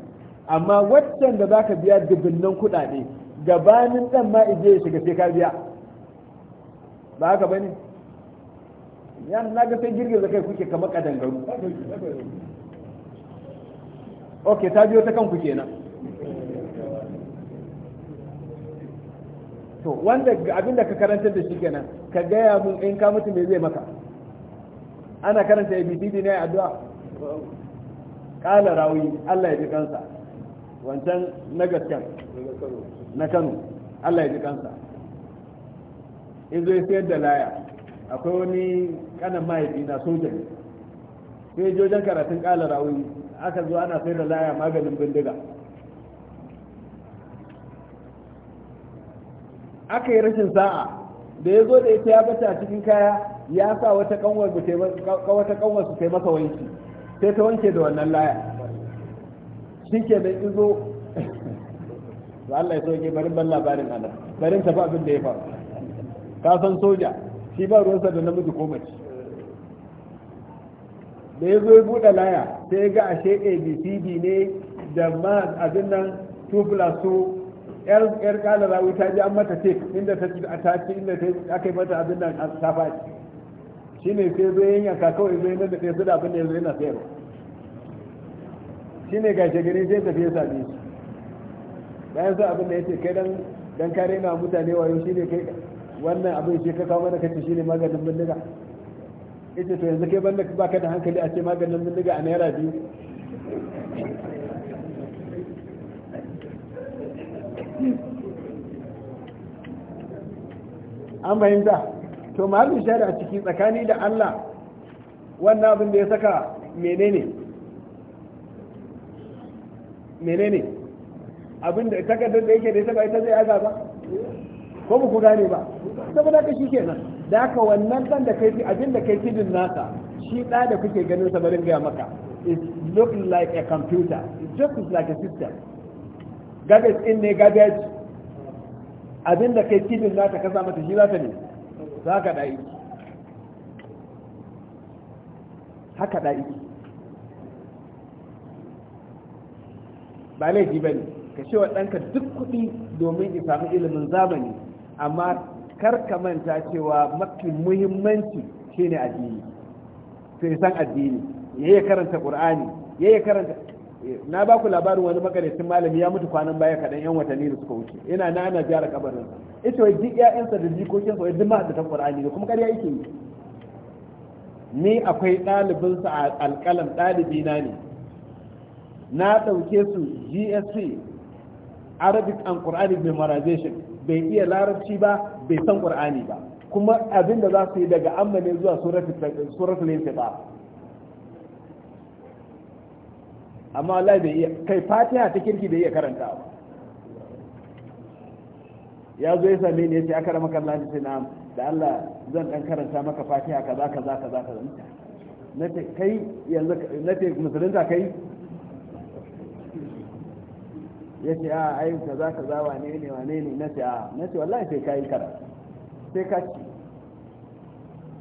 S1: amma waccan da za ka biya dubunnan kuɗaɗe gabanin dan ma ije ya shiga sai ka biya ba haka bane Ya na ga sai girgiza kai kuke kamar kadangaru ok ta biyo ta kanku kenan to wanda abin da ka karanta da shi kenan ka gaya mun in ka mutu mai zai maka ana karanta abcd ne addu'a kala rawi Allah ya ji kansa wancan na gaskiya na Kano Allah ya ji kansa in zai sayar da laya akwai wani kanan mahaifi na soja ne sai jojan karatun kala rawi aka zo ana sayar da laya maganin bindiga aka yi rashin sa'a da ya zo da ita ya bata cikin kaya ya sa wata kanwar su ta masa wanki sai ta wanke da wannan laya shi ke da izo za Allah ya soke barin ban labarin ana barin tafi abin da ya faru ka san soja shi ba ruwansa da namiji ko mace da ya zo ya buɗe laya sai ya ga ashe abcd ne da ma abin nan 2 plus 2 yar kala rawi ta ji an mata tek inda ta ci a ta inda ta aka yi mata abin nan a ta faɗi ne sai zai yanka kawai zai nan da ɗaya su da abin da zai na sayarwa ne gashe gari sai tafi ya same shi bayan sa abin da ya ce kai dan dan kare na mutane wayo shine kai wannan abin shi ka kawo mana kace ne maganin bindiga ita to yanzu kai banda baka da hankali a ce maganin bindiga a naira biyu an fahimta to mahallin shari'a ciki tsakani da Allah wannan abin da ya saka menene menene abin da takardar da yake da ya saka ita zai aga ba ko ba ku gane ba saboda ka shi kenan da ka wannan dan da kai abin da kai kidin nasa shi da da kuke ganin sa barin gaya maka it look like a computer it just is like a system Gadget in ne gadget abin da kai kibin za ta kasa mata shi za ta ne za ka ɗa'i haka ɗa'i ba laifi ba ne ka ce wa ɗanka duk kuɗi domin ya samu ilimin zamani amma kar ka manta cewa mafi muhimmanci shine addini sai ya san addini ya yi karanta ƙur'ani ya yi karanta na ba ku labarin wani makarantun malami ya mutu kwanan baya kaɗan yan watanni da suka wuce yana na ana gyara kabarin ita wai duk ƴaƴansa da jikokin sa duk ma da Qur'ani ne kuma ƙarya yake yi ni akwai ɗalibin sa a alƙalam ɗalibi na ne na ɗauke su GSC Arabic and Quranic memorization bai iya larabci ba bai san Qur'ani ba kuma abin da za su yi daga amma ne zuwa suratul ba amma Allah bai iya kai fatiha ta kirki bai iya karanta ba ya zo ya same ni ya ce aka rama kallon ce na da Allah zan dan karanta maka fatiha kaza kaza kaza kaza na ce kai yanzu na ce musulunta kai ya ce a za ka za wane ne wane ne na ce a na ce wallahi sai yi kara sai ka ci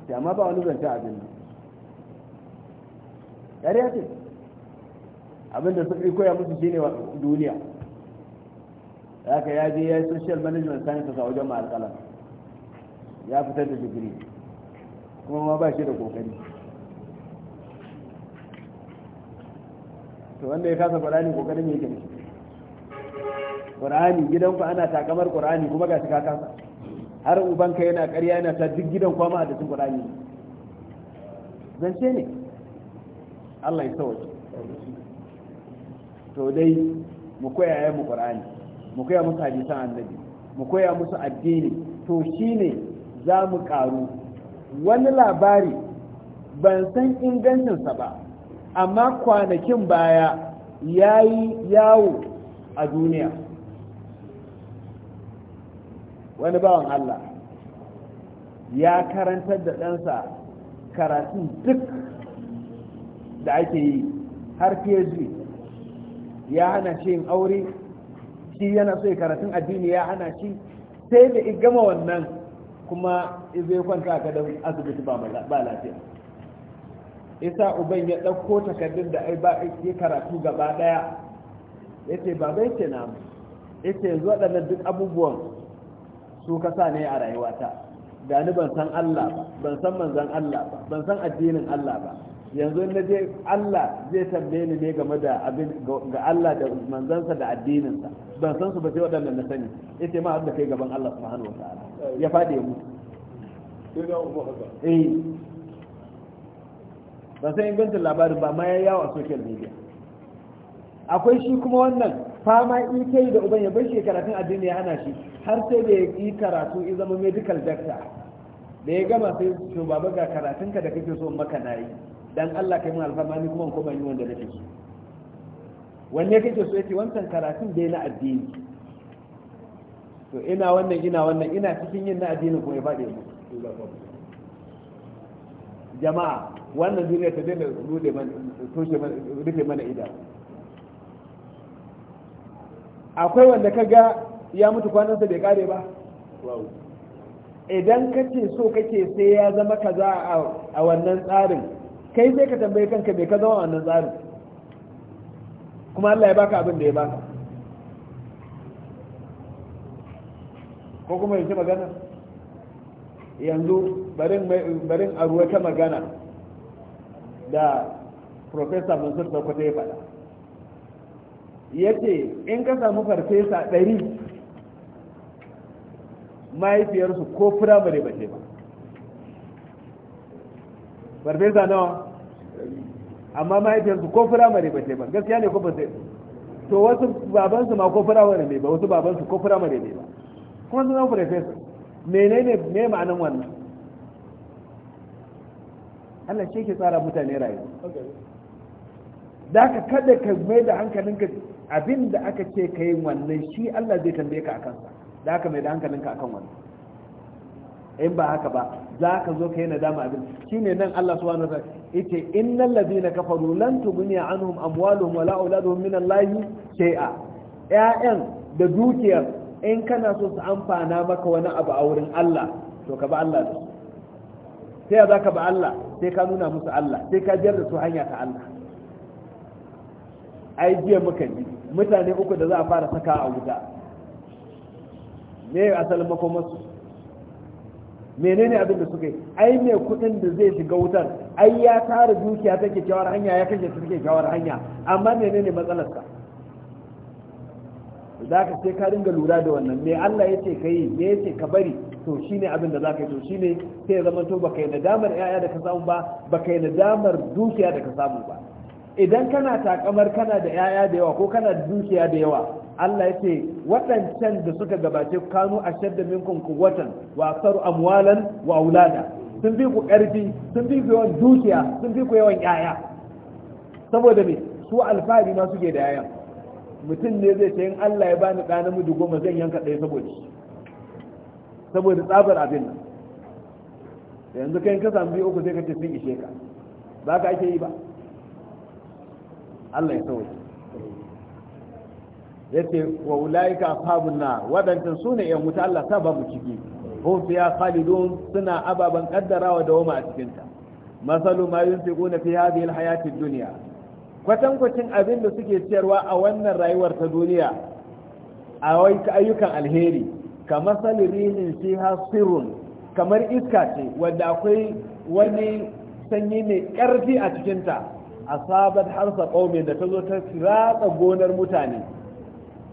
S1: sai amma ba wani zanta abin nan ƙarya ce Abin da sun koya musu shine duniya haka ya je ya yi social management ta a wajen ma'alƙalam ya fitar da digiri kuma ma ba shi da kokari to wanda ya kasa ƙwarani kokarin yake ne ƙwarani gidanku ana takamar ƙwarani kuma ga shi ka kasa har ubanka yana ƙarya yana ta duk gidan kwama a cikin ƙwarani zance ne Allah ya sauke to dai mu koya ya mu qur'ani mu koya musu hadisan annabi mu koya musu addini to shine za mu karu wani labari ban san ingancinsa ba amma kwanakin baya ya yi yawo a duniya wani bawan Allah ya karantar da ɗansa karatun duk da ake yi har fiye ya hana shi yin aure shi yana so ya karatun addini ya hana shi sai da gama wannan kuma zai kwanta ka don asibiti ba lafiya isa uban ya ɗauko takardun da ai ba ya karatu gaba ɗaya ya ce ba bai ce mu ya ce yanzu waɗannan duk abubuwan su ka sa ne a rayuwata dani ban san Allah ba ban san manzan Allah ba ban san addinin Allah ba yanzu na je Allah zai tambaye ni ne game da abin ga Allah da manzansa da addininsa ban san su ba sai waɗannan na sani ce ma abin da kai gaban Allah subhanahu wataala ya faɗi ya mutu eh sai san ingancin labarin ba ma ya yawo a social media akwai shi kuma wannan fama ike da uban ya bar karatun addini ya hana shi har sai da ya yi karatu ya zama medical doctor da ya gama sai shugaba ga karatunka da kake so maka na yi dan Allah kai mun alfarma ni kuma kuma yi wanda nake so wanne kake so yace wancan karatun dai na addini to ina wannan ina wannan ina cikin yin na addini ko ya faɗi mu jama'a wannan duniya ta daina rude man toshe man rufe mana ida akwai wanda kaga ya mutu kwanansa bai kare ba idan kace so kake sai ya zama kaza a wannan tsarin kai sai ka tambaye kanka bai ka zama wannan tsarin kuma Allah ya baka abin da ya baka ko kuma yanzu magana yanzu barin a ruwa ta magana da profesa mansur sakwata ya faɗa ya ce in ka samu farfesa ɗari mahaifiyarsu ko firamare ba ce ba farfesa nawa amma mahaifiyarsu ko firamare ba ce ba gaskiya ne ko ba sai to wasu babansu ma ko firamare ne ba wasu babansu ko firamare ne ba kuma sun zama farfesa menene ne ma'anin wannan Allah ke ke tsara mutane rayuwa da ka kada ka mai da ka abin da aka ce ka yi wannan shi Allah zai tambaye ka akan sa da aka mai da hankalinka akan wannan in ba haka ba za ka zo ka yi nadama abin ne nan Allah subhanahu wa yace na kafa kafaru lan tughni anhum amwaluhum wala auladuhum min Allah shay'a ƴaƴan da dukiyar in kana so su amfana maka wani abu a wurin Allah to ka ba Allah da su. sai ya zaka ba Allah sai ka nuna musu Allah sai ka biyar da su hanya ta Allah ai jiya muka ji mutane uku da za a fara saka a wuta me asalin makomarsu menene abin da suka yi ai mai kudin da zai shiga wutar ai ya tara dukiya ta kyawar hanya ya kashe take kyawar hanya amma menene matsalarsa za ka sai ka dinga lura da wannan me Allah ya ce ka yi me ya ce ka bari to shine abin da za ka yi to shine sai zama to baka yi nadamar 'ya'ya da ka samu ba baka yi nadamar dukiya da ka samu ba idan kana takamar kana da 'ya'ya da yawa ko kana da dukiya da yawa Allah ya ce waɗancan da suka gabace kanu a shadda minkum kuwatan wa aksaru amwalan wa aulada sun fi ku ƙarfi sun fi ku yawan dukiya sun fi ku yawan yaya saboda me su alfahari ma suke da yaya mutum ne zai ce in Allah ya bani ɗa namiji goma zan yanka ɗaya saboda saboda tsabar abin nan yanzu kai ka samu biyu uku sai ka ce sun ishe ka ba ka ake yi ba Allah ya sauke yace wa ulaika ashabun nar wadannan sunan yan wuta Allah ta babu ciki hum fiha khalidun suna ababen kaddarawa da wama a cikinta. ta masalu ma na fi hadhihi hayatin duniya. kwatankwacin abin da suke ciyarwa a wannan rayuwar ta duniya a ayyukan alheri kamar shi ha sirrun kamar iska ce wanda akwai wani sanyi mai ƙarfi a cikinta A asabat harsa ƙaumin da ta zo ta ratsa gonar mutane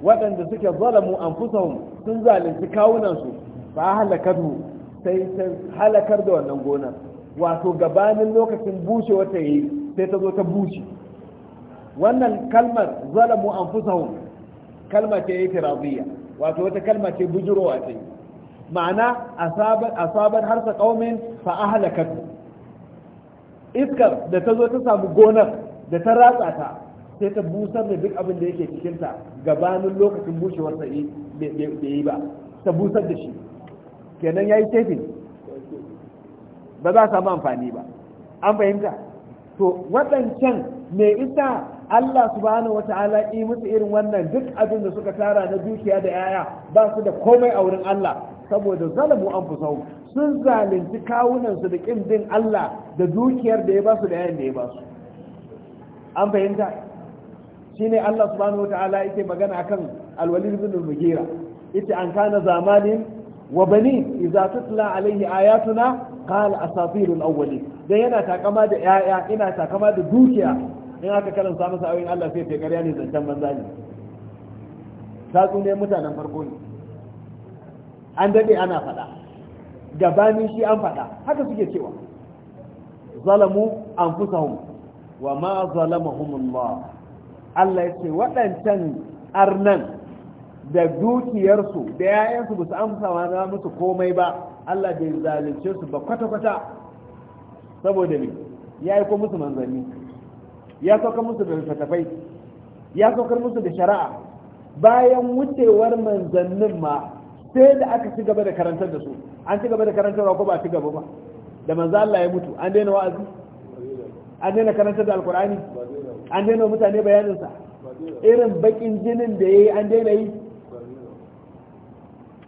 S1: waɗanda suke zalamu anfusahum sun zalunci kawunansu fa halakatu sai ta halakar da wannan gonar wato gabanin lokacin bushe wata yi sai ta zo ta bushe wannan kalmar zalamu anfusahum kalma ce yi raziya wato wata kalma ce bujurowa ce ma'ana a sabon harsa ƙaumin fa a ahlakat iskar da ta zo ta samu gonar da ta ratsa ta sai ta busar da duk abin da yake cikinta gabanin lokacin bushewar sa bai yi ba ta busar da shi kenan ya yi tefin ba za a samu amfani ba an fahimta to waɗancan me isa Allah subhanahu wa ta'ala yi musu irin wannan duk abin da suka tara na dukiya da yaya ba su da komai a wurin Allah saboda zalamu an fusau sun zalunci kawunansu da kin din Allah da dukiyar da ya ba su da yayin da ya ba su an fahimta shine Allah subhanahu wataala yake magana akan alwalid ibn al-mughira yace an kana zamanin wa bani idza tutla alaihi ayatuna qala asatirul awwalin dan yana takama da yaya ina takama da dukiya in aka karanta masa ayoyin Allah sai ta ƙarya ne zancen banza ne tatsu ne mutanen farko ne an dade ana faɗa gabanin shi an faɗa haka suke cewa zalamu anfusahum wa ma zalamahumullah Allah ya ce waɗancan arnan da dukiyarsu da yayansu ba su amsa ma musu komai ba Allah bai zalunce su ba kwata-kwata saboda ne ya yi ko musu manzanni ya saukar musu da littattafai ya saukar musu da shari'a bayan wucewar manzannin ma sai da aka ci gaba da karantar da su an ci gaba da karantarwa ko ba ci gaba ba da manzo Allah ya mutu an daina wa'azi an daina karanta da alkur'ani an daina mutane bayaninsa irin bakin jinin da ya yi an daina yi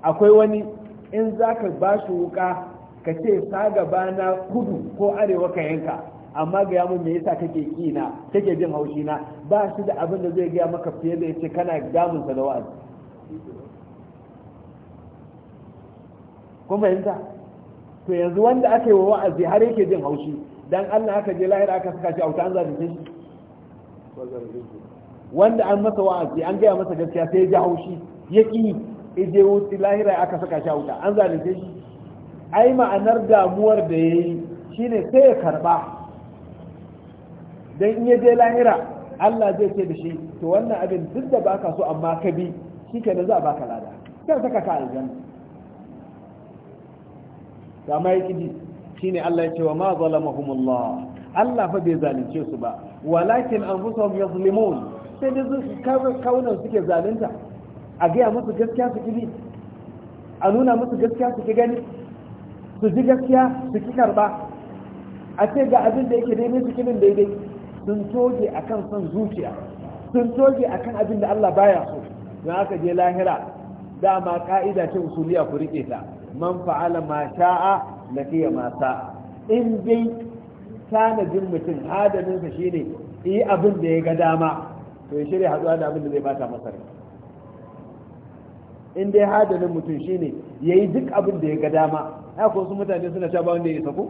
S1: akwai wani in za ka ba shi wuka ka ce sa gaba na kudu ko arewa ka yanka amma ga yamun me yasa kake kina kake jin haushi na ba shi da abin da zai gaya maka fiye da yace kana damunsa da wa'azi kuma fahimta to yanzu wanda aka wa wa'azi har yake jin haushi dan Allah aka je lahira aka saka shi a wuta an zalunce
S3: shi
S1: wanda an masa wa'azi an gaya masa gaskiya sai ya ji haushi ya ki ije wuti lahira aka saka shi a wuta an zalunce shi ai ma'anar damuwar da ya yi shine sai ya karba dan in ya je lahira Allah zai ce da shi to wannan abin duk da baka so amma ka bi shikenan za a baka lada sai saka ka aljanna ga ma ya shine Allah ya ce wa ma zalamahumullah Allah fa bai zalunce su ba walakin anfusuhum yazlimun sai da kawunan suke zalunta a gaya musu gaskiya su kibi a nuna musu gaskiya su ki gani su ji gaskiya su ki karba a ce ga abin da yake daidai su kibin daidai sun toge akan son zuciya sun toge akan abin da Allah baya so don aka je lahira dama ka'ida ce usuliya ku rike ta man fa'ala ma sha'a fiye masa in dai tanadin mutum hadaninsa shine yi abin da ya ga dama to ya shirya haɗuwa da abin da zai bata masa rai in dai hadanin mutum shine ya yi duk abin da ya ga dama ya ko su mutane suna ta ba wanda ya isa ko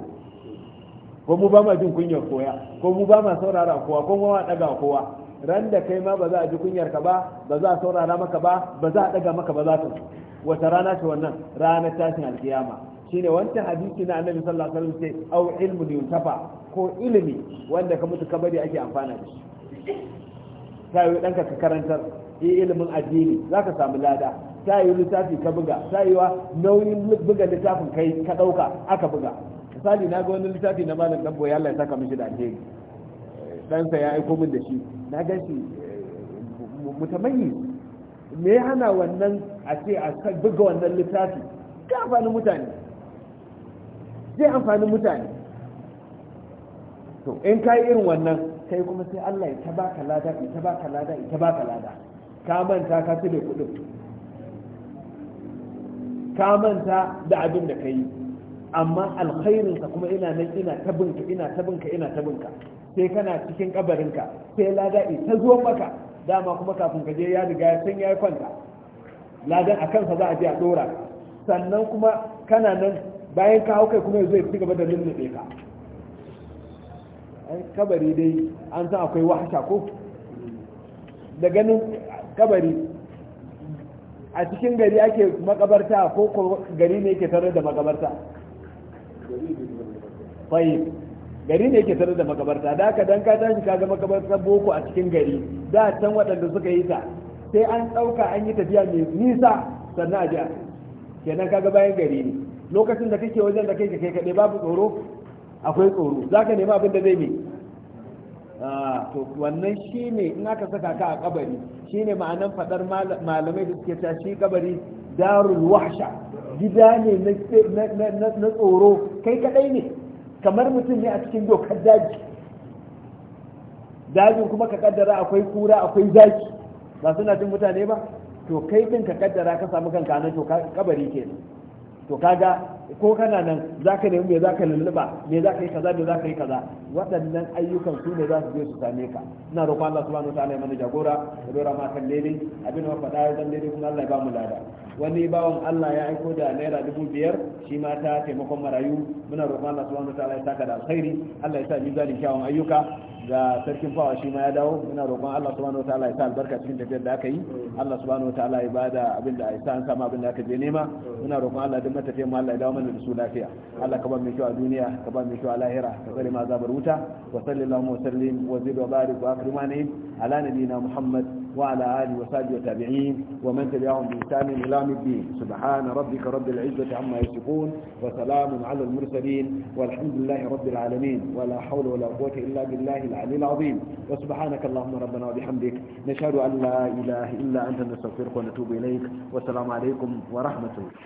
S1: ko mu ba ma jin kunyar koya ko mu ba ma saurara kowa ko mu ba daga kowa ran da kai ma ba za a ji kunyar ka ba ba za a saurara maka ba ba za a daga maka ba za ka wata rana ce wannan ranar tashin alkiyama shine wancan hadisi na annabi sallallahu alaihi wasallam sai au ilmun yuntafa ko ilimi wanda ka mutu ka bari ake amfana da shi ta dan ka karantar yi ilimin addini za ka samu lada ta yi lissafi ka buga ta wa nauyin buga lissafin kai ka ɗauka aka buga misali na ga wani lissafi na malam dan boye Allah ya saka mishi da dan ɗansa ya aiko min da shi na gan shi eh, mutamayyi me ya hana wannan a ce a buga wannan lissafi? ka na mutane zai amfani mutane to in ka yi irin wannan kai kuma sai Allah ya ta baka lada ya ta baka lada ya ta baka lada ka manta ka tube kudin ka manta da abin da ka yi amma alkhairinka kuma ina nan ina tabinka ina tabinka ina tabinka sai kana cikin kabarinka sai lada ta zo maka dama kuma kafin ka je ya riga sun ya kwanta ladan a kansa za a je a dora sannan kuma kana nan bayan ka hau kai kuma zai fi gaba da lullube ka an kabari dai an san akwai wahasha ko da ganin kabari a cikin gari ake makabarta ko gari ne yake tare da makabarta fahim gari ne yake tare da makabarta da haka dan ka tashi ga makabarta boko a cikin gari da can waɗanda suka yi ta sai an ɗauka an yi tafiya mai nisa sannan a jiya kenan kaga bayan gari ne lokacin da kake wajen da kake kai kaɗai babu tsoro akwai tsoro za ka nemi abin da zai mai to wannan shi ne in aka saka ka a kabari shi ne ma'anan faɗar malamai da suke shi kabari darul wahsha gida ne na tsoro kai kaɗai ne kamar mutum ne a cikin dokar daji dajin kuma ka kaddara akwai kura akwai zaki ba suna jin mutane ba to kai ɗin ka kaddara ka samu kanka nan to kabari kenan to kaga ko kana nan za ka nemi me za ka lulluba me za ka yi kaza me za ka yi kaza waɗannan ayyukan su ne za su je su same ka ina roƙon Allah subhanahu wa ta'ala ya mana jagora ya dora ma kan daidai abin da faɗa ya zan daidai kuma Allah ya ba mu lada wani bawan Allah ya aiko da naira dubu biyar shi ma ta taimakon marayu muna roƙon Allah subhanahu wa ta'ala ya saka da alkhairi Allah ya sa mizanin kyawun ayyuka ga sarkin fawa shi ma ya dawo muna roƙon Allah subhanahu wataala ya sa albarka cikin tafiyar da aka yi Allah subhanahu wataala ya bada abin da ya sa an sama abin da aka je nema muna roƙon Allah duk matafiyar mu Allah ya dawo mana da su lafiya Allah ka ba mu kyau a duniya ka ba mu kyau a lahira ka tsare ma azabar wuta wa sallallahu wa sallim wa zid wa barik wa akrimani ala nabiyina Muhammad وعلى آله وصحبه وتابعين ومن تبعهم بإحسان إلى الدين سبحان ربك رب العزة عما يصفون وسلام على المرسلين والحمد لله رب العالمين ولا حول ولا قوة إلا بالله العلي العظيم وسبحانك اللهم ربنا وبحمدك نشهد أن لا إله إلا أنت نستغفرك ونتوب إليك والسلام عليكم ورحمة الله